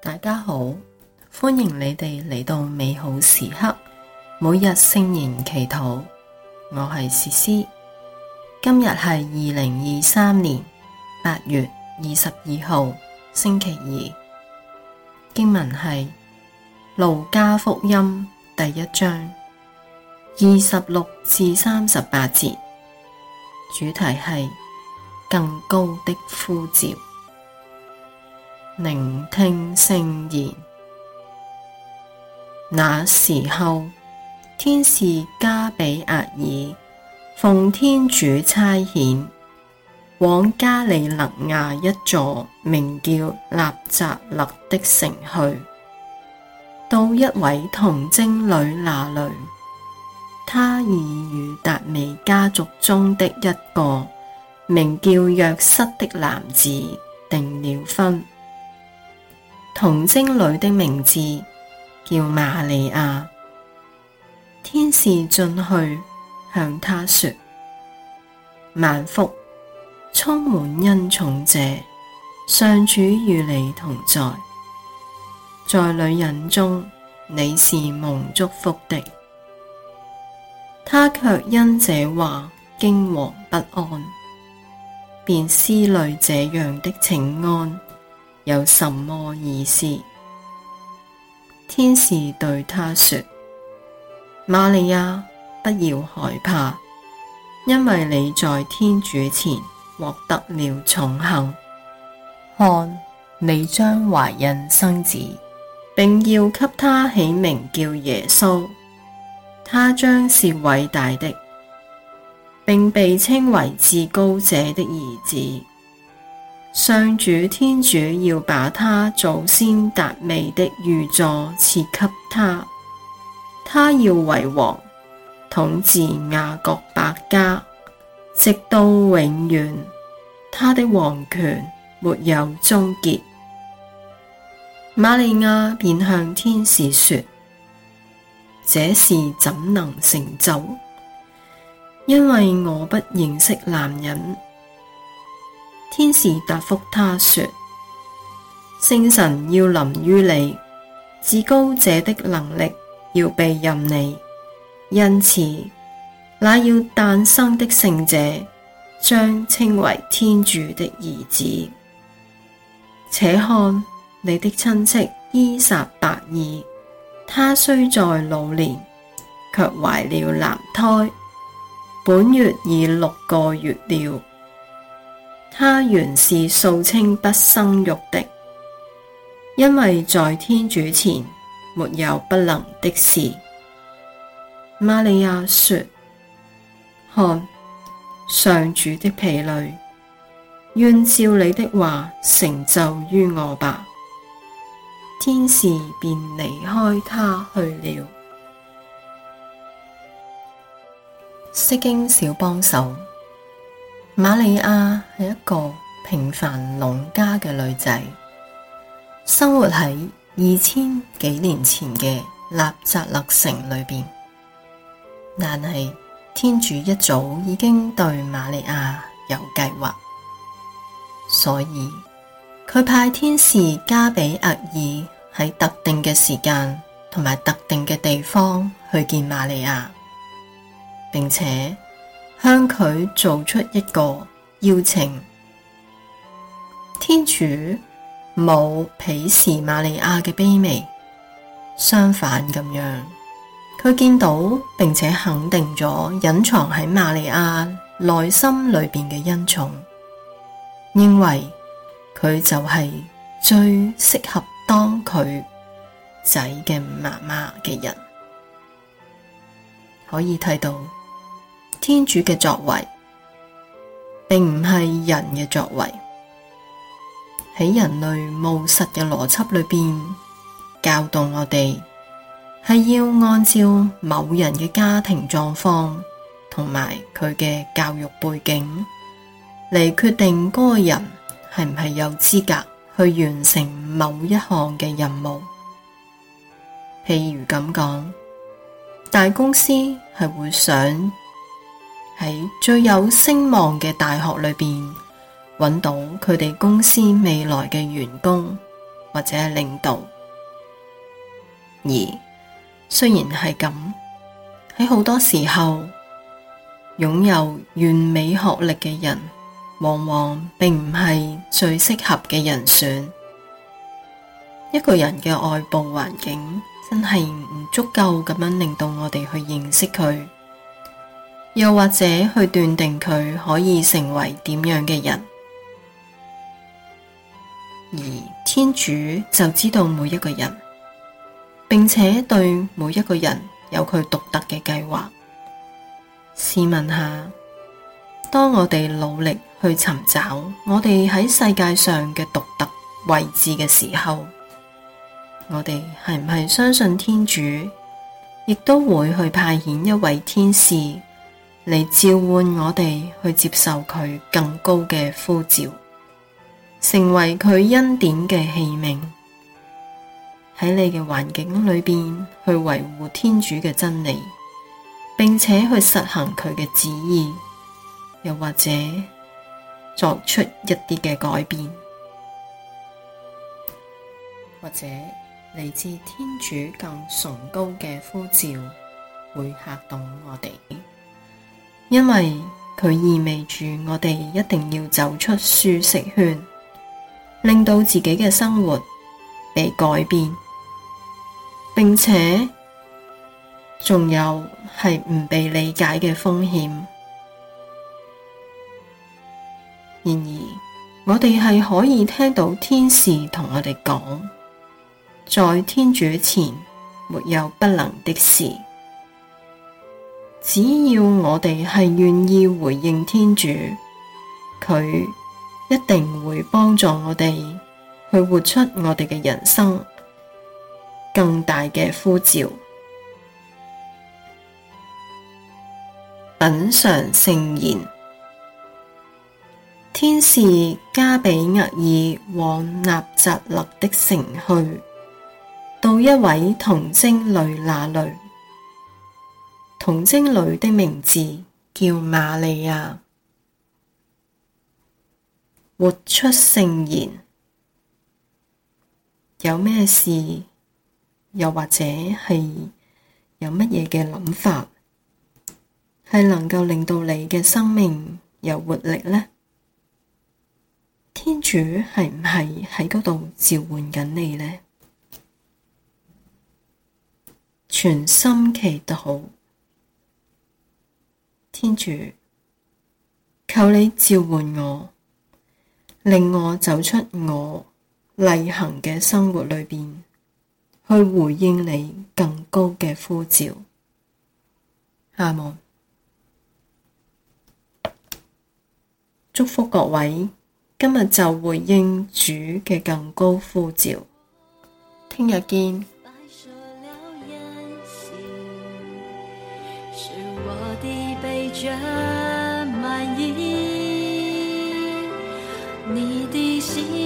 大家好，歡迎你哋嚟到美好時刻，每日聖言祈禱。我係詩詩，今日係二零二三年八月二十二號星期二，經文係《路加福音》第一章二十六至三十八節，主題係更高的呼召。聆聽聖言。那時候，天使加俾額爾奉天主差遣，往加里肋亞一座名叫納匝肋的城去，到一位童貞女那裡，她已與達味家族中的一個名叫若瑟的男子訂了婚。童貞女的名字叫瑪利亞，天使進去向她說：萬福，充滿恩寵者，上主與你同在。在女人中，你是蒙祝福的。她卻因這話驚惶不安，便思慮這樣的請安有什麼意思？天使對他說：瑪利亞，不要害怕，因為你在天主前獲得了寵幸。看，你將懷孕生子，並要給他起名叫耶穌。他將是偉大的，並被稱為至高者的兒子。上主天主要把他祖先達味的御座賜給他，他要為王統治雅各伯家，直到永遠，他的王權沒有終結。瑪利亞便向天使說：這事怎能成就？因為我不認識男人。天使答覆她說：聖神要臨於你，至高者的能力要庇廕你，因此，那要誕生的聖者將稱為天主的兒子。且看，你的親戚依撒伯爾，她雖在老年，却懷了男胎，本月已六個月了。他原是素稱不生育的，因為在天主前沒有不能的事。瑪利亞說：看上主的婢女，願照你的話成就於我吧。天使便離開他去了。釋經小幫手。瑪利亞係一個平凡農家嘅女仔，生活喺二千幾年前嘅納匝肋城裏面。但係天主一早已經對瑪利亞有計劃，所以佢派天使加俾額爾喺特定嘅時間同埋特定嘅地方去見瑪利亞，並且。向佢做出一個邀請，天主冇鄙視瑪利亞嘅卑微，相反咁樣，佢見到並且肯定咗隱藏喺瑪利亞內心裏邊嘅恩寵，認為佢就係最適合當佢仔嘅媽媽嘅人，可以睇到。天主嘅作為，並唔係人嘅作為。喺人類務實嘅邏輯裏邊，教導我哋係要按照某人嘅家庭狀況同埋佢嘅教育背景嚟決定嗰個人係唔係有資格去完成某一項嘅任務。譬如咁講，大公司係會想。喺最有聲望嘅大學裏邊，搵到佢哋公司未來嘅員工或者係領導。而雖然係咁，喺好多時候，擁有完美學歷嘅人，往往並唔係最適合嘅人選。一個人嘅外部環境真係唔足夠咁樣令到我哋去認識佢。又或者去斷定佢可以成為點樣嘅人，而天主就知道每一個人，並且對每一個人有佢獨特嘅計劃。試問下，當我哋努力去尋找我哋喺世界上嘅獨特位置嘅時候，我哋係唔係相信天主，亦都會去派遣一位天使嚟召喚我哋去接受佢更高嘅呼召，成為佢恩典嘅器皿，喺你嘅環境裏邊去維護天主嘅真理，並且去實行佢嘅旨意，又或者作出一啲嘅改變，或者嚟自天主更崇高嘅呼召會吓到我哋。因為佢意味住我哋一定要走出舒適圈，令到自己嘅生活被改變，並且仲有係唔被理解嘅風險。然而，我哋係可以聽到天使同我哋講，在天主前沒有不能的事。只要我哋係願意回應天主，佢一定會幫助我哋去活出我哋嘅人生更大嘅呼召。品嚐聖言，天使加俾額爾往納匝肋的城去，到一位童貞女那裡。童貞女的名字叫瑪利亞，活出聖言。有咩事，又或者係有乜嘢嘅諗法，係能夠令到你嘅生命有活力呢？天主係唔係喺嗰度召喚緊你呢？全心祈禱。天主，求你召喚我，令我走出我例行嘅生活裏邊，去回應你更高嘅呼召。阿門。祝福各位，今日就回應主嘅更高呼召。聽日見。你的心。